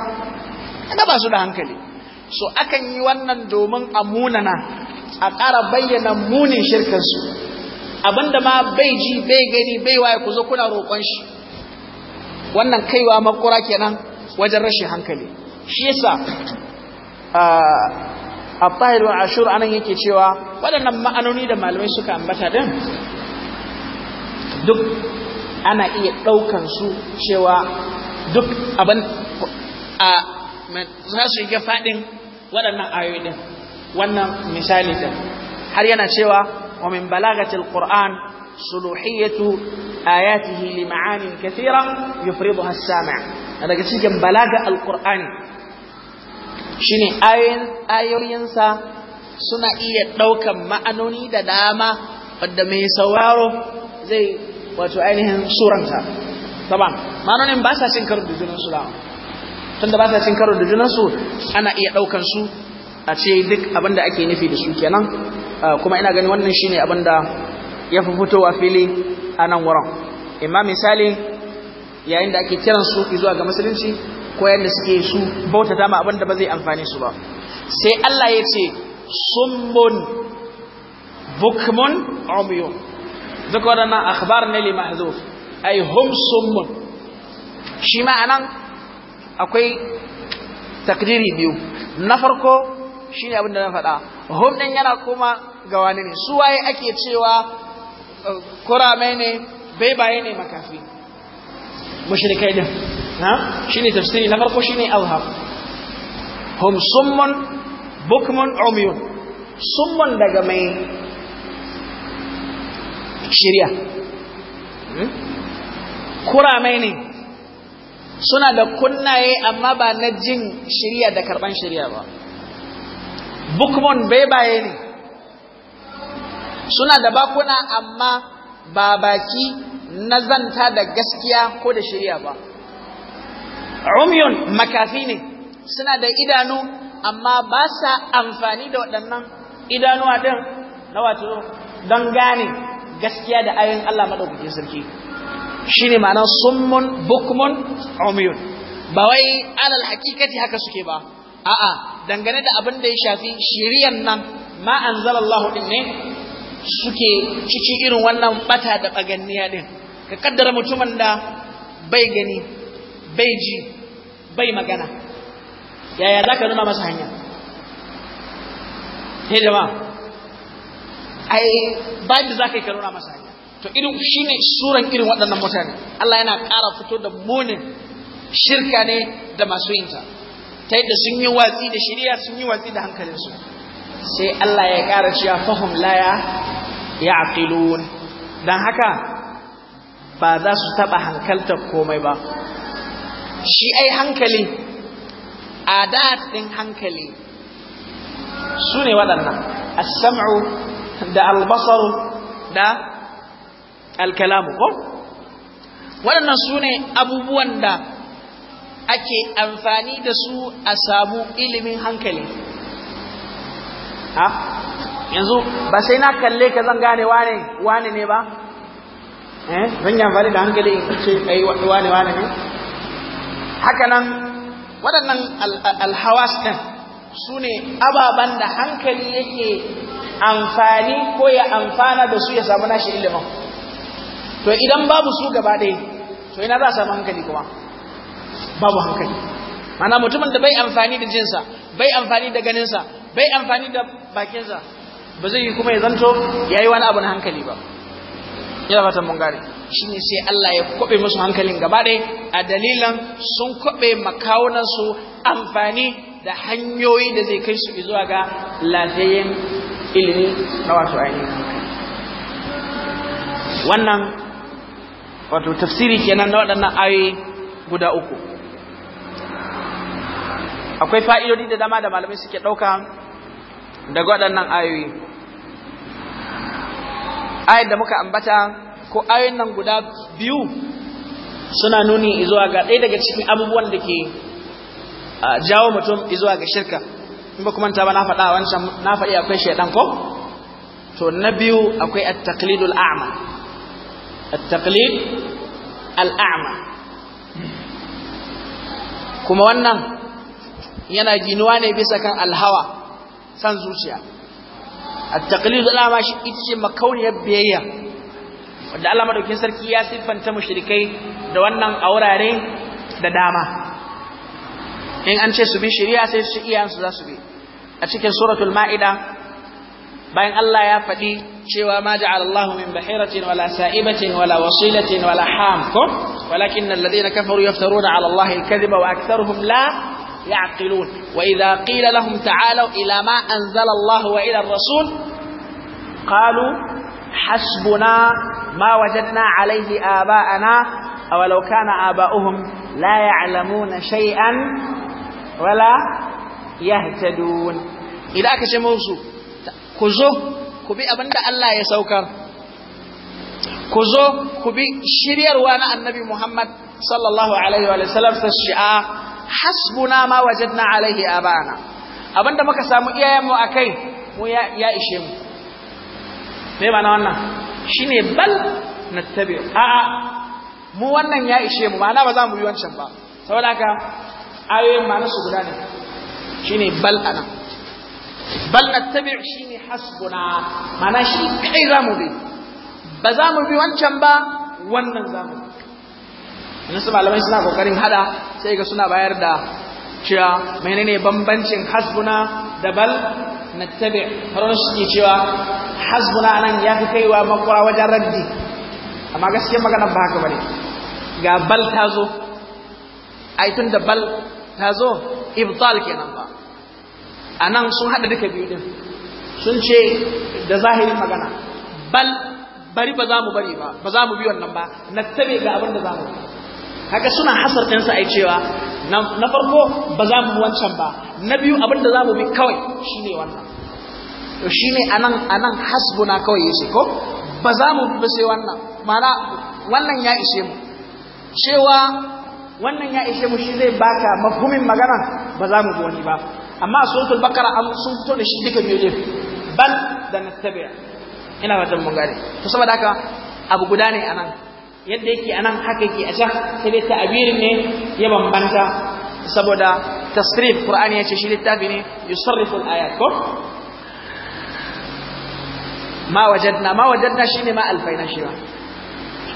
na ba su da hankali so akan yi wannan domin a munana a ƙara bayyana munin shirkansu abinda ma bai ji bai gani bai waye ku zo kuna roƙon shi wannan kaiwa makura kenan wajen rashin hankali shi yasa ah, al-tahir wa ashur anan yake cewa waɗannan ma'anoni da malamai suka ambata din duk ana iya ɗaukan su cewa duk abin a za su yi faɗin waɗannan ayoyi din wannan misali din har yana cewa wa min balagatil qur'an ma'anin آياته لمعان as-sami' daga cikin balaga al qurani shine ayoyinsa suna iya ɗaukan ma'anoni da dama wadda mai sauraro zai wato ainihin suranta Saban ma'anonin ba sa cin karo da junansu da tunda ba sa cin karo da junansu ana iya ɗaukan su a ce duk abin ake nufi da su kenan ah, kuma ina gani wannan shine abin da ya fi fitowa fili a nan wurin imma misali yayin da ake kiransu zuwa ga musulunci ko ya suke su bauta dama abin da ba zai amfani su ba sai Allah ya ce summun bukmun umyun duka waɗannan akhbar ne li mahzuf ay hum summun shi ma anan akwai takdiri biyu na farko shine abin da na faɗa hum din yana kuma ga wani ne su waye ake cewa eh, kurame ne bai baye ne makafi mushrikai din shine tafsiri na farko shine awham hum summun bukmun umyun summun daga mai shirya kuramai ne suna da kunnaye amma ba na jin shirya da karban shirya ba bukmun bebaye ne suna da bakuna amma ba baki na zanta da gaskiya ko da shirya ba umyun makafi ne suna da idanu amma ba sa amfani da waɗannan idanuwa ɗin na wato don gane gaskiya da ayin Allah maɗaukakin sarki shi ne ma'anar summun bukmun umyun ba wai alal hakikati haka suke ba a'a dangane da abin da ya shafi shiriyan nan ma anzalallahu ɗin ne suke cici irin wannan bata da ɓaganniya ɗin ka kaddara mutumin da bai gani bai ji bai magana yaya za ka nuna masa hanya he ba, ai ba da za ka yi ka nuna masa hanya to irin shi ne suran irin waɗannan mutane Allah yana ƙara fito da munin shirka ne da masu yinta ta yadda sun yi watsi da shari'a sun yi watsi da hankalinsu sai Allah ya ƙara cewa fahim laya ya aqilun Dan haka ba za su taɓa hankaltar komai ba shi ai hankali adat din hankali su ne waɗannan as-sam'u da al da al-kalamu ko waɗannan su ne abubuwan da ake amfani da su a samu ilimin hankali ha yanzu ba sai na kalle ka zan gane wane wane ne ba eh zan yi amfani da hankali in ce ai wane wane ne hakanan waɗannan alhawas ɗin su ne ababen da hankali yake amfani ko ya amfana da su ya samu nashi ilimin to idan babu su gaba ɗaya to ina za a samu hankali kuma babu hankali mana mutumin da bai amfani da jinsa bai amfani da ganinsa bai amfani da bakinsa ba zai yi kuma ya zanto ya yi wani abu na hankali ba ina mun gane shine sai Allah ya kobe musu hankalin gaba a dalilan sun kobe makawunan su amfani da hanyoyi da zai kai su zuwa ga lafiyayyen ilimi na wato ainihin wannan wato tafsiri kenan na waɗannan ayoyi guda uku akwai fa'idodi da dama da malamai suke ɗauka daga waɗannan ayoyi ayar da muka ambata ko ayoyin nan guda biyu suna nuni zuwa ga ɗaya daga cikin abubuwan da ke jawo mutum zuwa ga shirka in ba kuma ta ba na faɗa wancan na faɗi akwai shaidan ko to na biyu akwai at-taqlidul a'ma at-taqlid al-a'ma kuma wannan yana ginuwa ne bisa kan alhawa san zuciya at-taqlid alama shi ita ce makauniyar biyayya wanda Allah madaukin sarki ya siffanta mushrikai da wannan aurare da dama in an ce su bi shiriya sai su iyansu za su bi a cikin suratul ma'ida bayan Allah ya faɗi cewa ma ja'ala Allahu min bahiratin wala sa'ibatin wala wasilatin wala ham ko walakin alladhina kafaru yaftaruna 'ala Allahi al-kadhiba wa aktharuhum la يعقلون وإذا قيل لهم تعالوا إلى ما أنزل الله وإلى الرسول قالوا حسبنا ما وجدنا عليه آباءنا أولو كان آباؤهم لا يعلمون شيئا ولا يهتدون إذا أكشف موسو كزو كبي أبنك الله يسوكر كزو كبي شرير وانا النبي محمد صلى الله عليه وسلم wasallam hasbuna ma wajadna alaihi abana abinda muka samu iyayenmu akai mu ya ishe mu me mana wannan shine bal nattabi a a mu wannan ya ishe mu ma'ana ba za mu yi wancan ba saboda haka ayoyin ma su guda ne shine bal ana bal nattabi shine hasbuna mana shi kai za mu bi ba za mu bi wancan ba wannan za mu bi in su malamai suna kokarin hada sai ga suna bayar da cewa menene bambancin hasbuna da bal nattabi har suke cewa hasbuna nan ya fi kaiwa makwa wajen raddi amma gaskiya magana ba haka bane ga bal ta zo ai tun da bal ta zo ibtal kenan ba a nan sun hada duka biyu din sun ce da zahirin magana bal bari ba za mu bari ba ba za mu bi wannan ba na tabe ga abin da za mu kaga suna hasar ɗinsa ai cewa na farko ba za mu wancan ba na biyu abinda za mu bi kawai shine wannan to shine anan anan hasbuna kawai yace ko ba za mu bi sai wannan mana wannan ya ishe mu cewa wannan ya ishe mu shi zai baka mafhumin magana ba za mu bi wani ba amma suratul baqara an sun fito da shi duka biyu ne bal da nattabi'a ina wajen mun gare to saboda haka abu guda ne anan yadda yake anan haka yake a can sai dai ta'abirin ne ya bambanta saboda tasrif qur'ani ya ce shi littafi ne yusarrifu al-ayat ko ma wajadna ma wajadna shine ma alfaina shi ba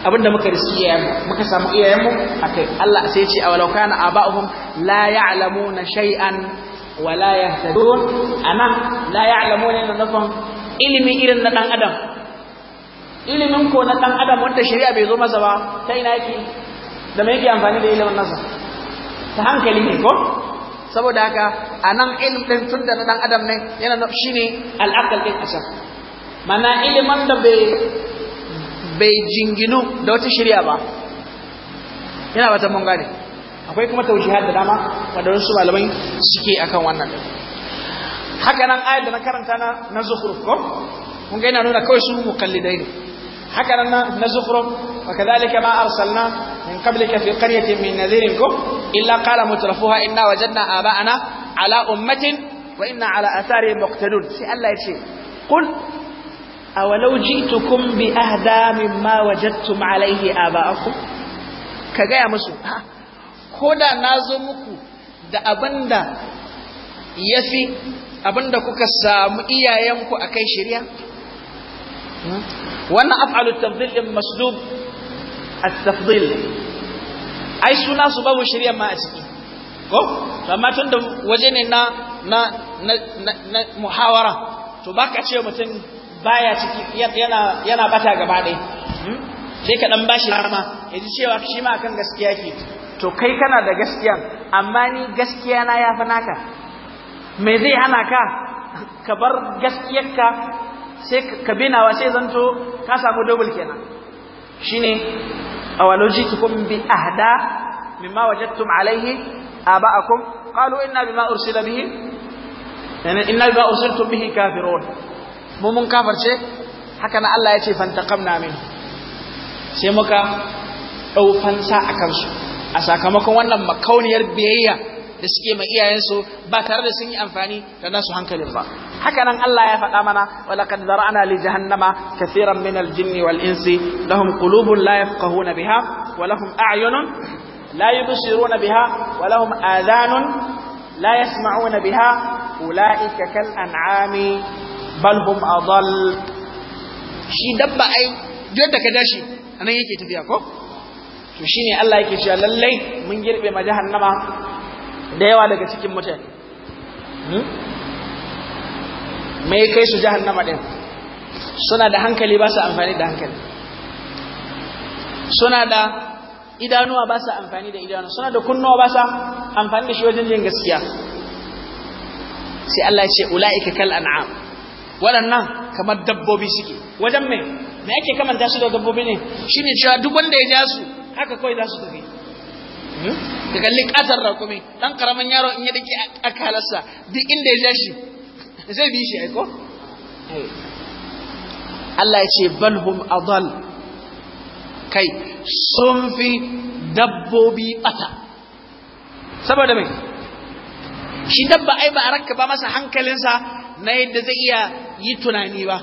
abinda muka riski yayin muka samu mu akai Allah sai ya ce awalau kana aba'uhum la ya'lamuna shay'an wa la yahtadun ana la ya'lamuna na ilmi ilimi irin na dan adam ilimin ko na ɗan adam wanda shari'a bai zo masa ba ta ina yake da me yake amfani da ilimin nasa ta hankali ne ko saboda haka a nan ilimin tun da na ɗan adam ne yana shi ne al'akal ɗin a mana ilimin da bai jinginu da wata shari'a ba yana ba ta mun gane akwai kuma tawjihat da dama wanda wasu malamai suke akan wannan haka nan ayat da na karanta na na zuhruf ko mun ga yana nuna kawai su muqallidai ne haka nan na Zufro wa kadhalika ma arsalna min qablika fi qaryatin min nadhirin kum illa qala mutrafuha inna wajadna aba'ana ala ummatin wa inna ala atharihim sai Allah ya ce qul awalau ji'tukum bi ahda mimma wajadtum alayhi aba'akum ka gaya musu koda nazo muku da abinda fi abinda kuka samu iyayenku akai shirya? wannan af'alu tamthil din maslub at-tafdil ai suna su babu shari'a ma a ciki ko amma tun da waje ne na na na muhawara to baka ce mutum baya ciki yana yana bata gaba ɗaya hmm? sai ka dan bashi rama yaji cewa shi ma akan gaskiya ke to kai kana da gaskiya amma ni gaskiya na yafi naka me zai hana ka ka bar gaskiyarka sai ka binawa sai zanto ka samu double kenan shine awalojitukum bi ahda mimma wajadtum alaihi aba'akum qalu inna bima ursila bihi inna bima ursiltum bihi kafirun mu mun kafarce haka na Allah ya ce fantaqamna min sai muka dau fansa akan su a sakamakon wannan makauniyar biyayya da suke ma iyayensu ba tare da sun yi amfani da nasu hankalin ba haka nan Allah ya faɗa mana walaqad zara'na li jahannama kaseeran min al-jinni wal insi lahum qulubun la yafqahuna biha wa lahum a'yunun la yubsiruna biha wa lahum adhanun la yasma'una biha ulaika kal an'ami bal hum adall shi dabba ai yadda ka dashi anan yake tafiya ko to shine Allah yake cewa lallai mun girbe ma jahannama da yawa daga cikin mutane mai hmm? ya kai su jahannama din suna da hankali ba su amfani da hankali suna da idanuwa ba su amfani da idanuwa suna da kunnuwa ba su amfani da shi wajen jin gaskiya sai Allah ya ce ula'ika kal an'am waɗannan kamar dabbobi suke wajen me me ake kamanta su da dabbobi ne shine cewa duk wanda ya ja su haka kawai za su tafi hmm? ka kalli katar rakumi dan karaman yaro in ya dake akalarsa duk inda ya shi zai bi shi aiko Allah ya ce balhum adal kai sun fi dabbobi bata saboda mai shi dabba ai ba a ba masa hankalinsa na yadda zai iya yi tunani ba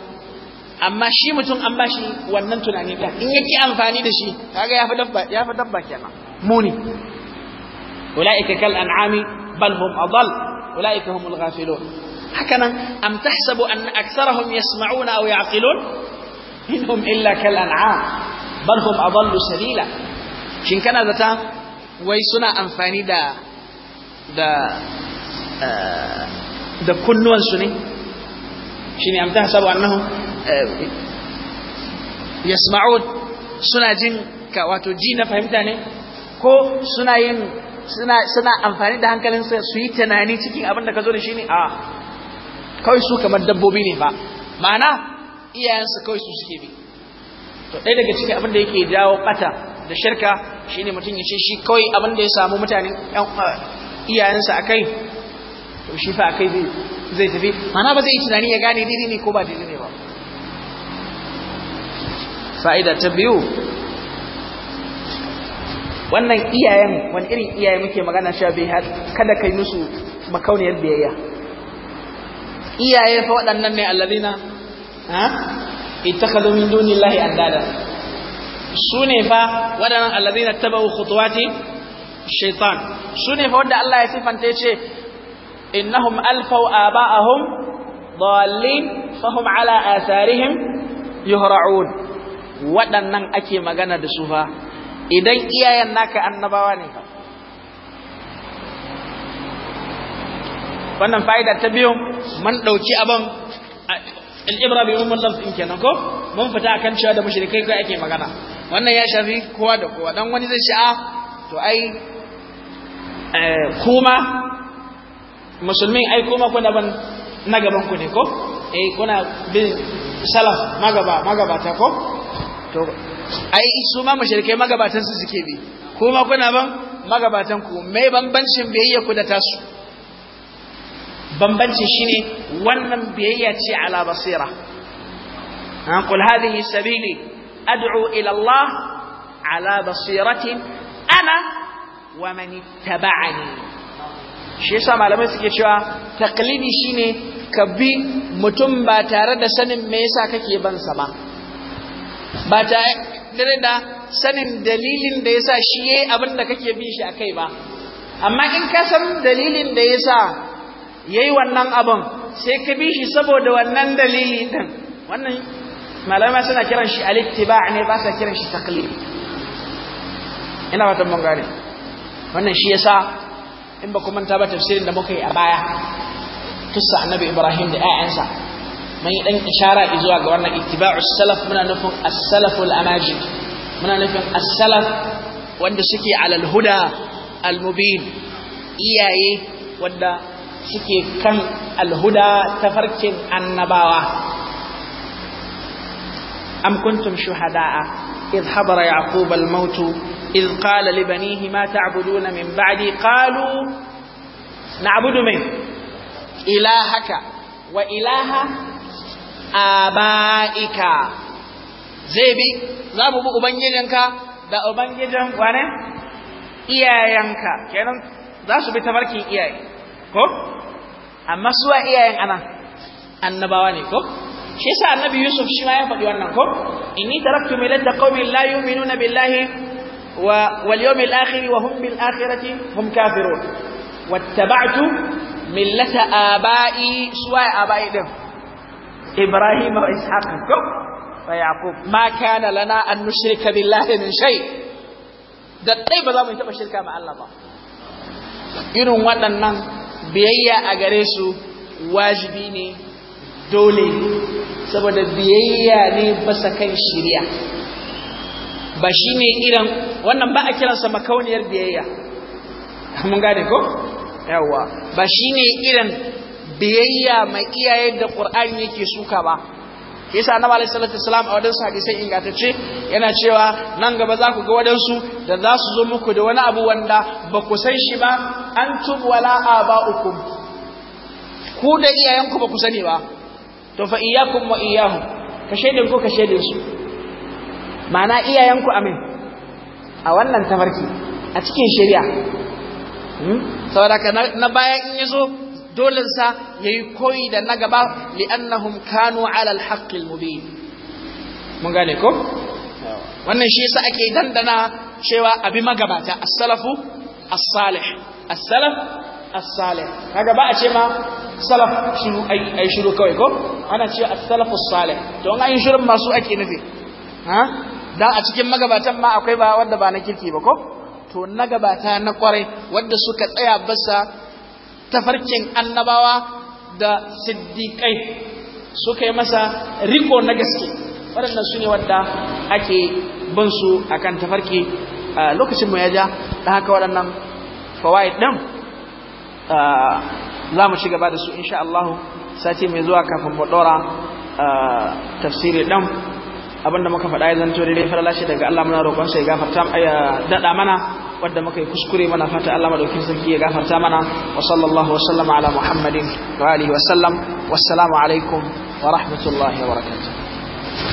amma shi mutum an ba shi wannan tunani ɗin in yake amfani da shi kaga ya fi dabba kenan muni أولئك كالأنعام بل هم أضل أولئك هم الغافلون حكما أم تحسب أن أكثرهم يسمعون أو يعقلون إنهم إلا كالأنعام بل هم أضل سبيلا شن كان ذاتا ويسنا أنفاني دا دا آه، دا كنوان سني شن أم تحسب أنهم آه، يسمعون سنة جن كواتو جين فهمتاني كو سنة suna suna amfani da hankalin su su yi tunani cikin abin da ka zo da shi ne a ah, kawai su kamar dabbobi ne ba ma'ana iyayensu kawai su suke bi to ɗaya daga cikin abin da yake jawo ɓata da shirka shine mutum ya ce shi kawai abin da ya samu mutane ah, iyayensa a kai to shi fa a kai zai tafi ma'ana ba zai yi tunani ya gane daidai ne ko ba daidai ne ba fa'ida ta biyu wannan iyayen wani irin iyaye muke magana sha bai kada kai musu makauniyar biyayya iyaye fa waɗannan ne allazina ha ittakhadhu min dunillahi andada sune fa waɗannan allazina tabu khutuwati shaytan sune fa wanda Allah ya sifanta yace innahum alfau aba'ahum dallin fahum ala atharihim yuhra'un waɗannan ake magana da su fa idan iyayen naka annabawa ne wannan fa'ida ta biyu mun ɗauki abin al'ibra bi umar lafs kenan ko mun fita akan cewa da mushrikai kai ake magana wannan ya shafi kowa da kowa dan wani zai ce a ah, to ai eh, kuma musulmin ai kuma kuna ban na gaban ku ne ko eh kuna bin salaf magaba magabata ko to ai su ma mashirkai magabatan su suke bi kuma kuna ban magabatan ku me bambancin biyayya ku da tasu bambanci shine wannan biyayya ce ala basira an qul hadhihi sabili ad'u ila Allah ala basiratin ana wa man ittaba'ani shi yasa malamai suke cewa taqlidi shine ka bi mutum ba tare da sanin me yasa kake ban sa ba ba ta dare da sanin dalilin da yasa shi yayi abin da kake bin shi akai ba amma in ka san dalilin da yasa yayi wannan abin sai ka bi shi saboda wannan dalili din wannan malama suna kiran shi al-ittiba' ne ba sa kiran shi taqlid ina fatan mun gane wannan shi yasa in ba ku manta ba tafsirin da muka yi a baya kissa annabi Ibrahim da ayyansa mun yi dan ishara zuwa ga wannan ittiba'u salaf muna nufin as-salaful amajid muna nufin as-salaf wanda suke alal huda al-mubin iyaye wanda suke kan al-huda tafarkin annabawa am kuntum shuhada'a إذ حضر يعقوب الموت إذ قال لبنيه ما تعبدون من بعدي قالوا نعبد من إلهك وإله aba'ika zai bi za mu bi ubangijinka da ubangijin wane iyayenka kenan za su bi tabarkin iyaye ko amma suwa iyayen ana annabawa ne ko shi yasa annabi yusuf shi ma ya faɗi wannan ko inni taraktu millata qaumin la yu'minuna billahi wa wal yawmil akhir wa hum bil akhirati hum kafirun wattaba'tu millata aba'i suwa aba'i din Ibrahim wa Ishaq ko wa Yaqub ma kana lana an nushrika billahi min shay da dai ba za mu taba shirka ma Allah ba irin waɗannan biyayya a gare su wajibi ne dole saboda biyayya ne basa kan shari'a ba shine irin wannan ba a kiransa makauniyar biyayya mun gane ko yawa ba shine irin biyayya mai iyayen da Qur'ani yake suka ba yasa annabi alaihi salatu wasalam a wadansu hadisai ingantacce yana cewa nan gaba za ku ga wadansu da za su zo muku da wani abu wanda ba ku san shi ba antum wala aba'ukum ku da iyayenku ba ku sani ba to fa iyyakum wa iyyahum ka shaidin ko ka shaidin su ma'ana iyayenku amin a wannan tamarki a cikin shari'a hmm? saboda ka na bayan in zo. dolensa ya yi koyi da na gaba li'annahum kanu alal haqqil mubin mun gane ko wannan shi yasa ake dandana cewa abi magabata as-salafu as-salih as-salaf as-salih kaga ba a ce ma salaf shiru ai shiru kawai ko ana ce as-salafu as-salih to an yi shirin masu ake nufi ha da a cikin magabatan ma akwai ba wanda ba na kirki ba ko to na gabata na kwarai wanda suka tsaya basa tafarkin annabawa da siddiƙai suka yi masa riko na gaske waɗannan su ne wadda ake bin su a kan tafarki lokacin mu ya ja da haka waɗannan fawaid ɗin za mu ci gaba da su insha Allah sati mai zuwa kafin mu tafsiri ɗin abinda muka faɗa ya zanto daidai lashe daga Allah muna roƙon ya gafarta daɗa mana wadda muka yi kuskure mana fata Allah madaukin sarki ya gafarta mana wa sallallahu wa sallama ala muhammadin wa alihi wa sallam wa wassalamu alaikum wa rahmatullahi wa barakatuh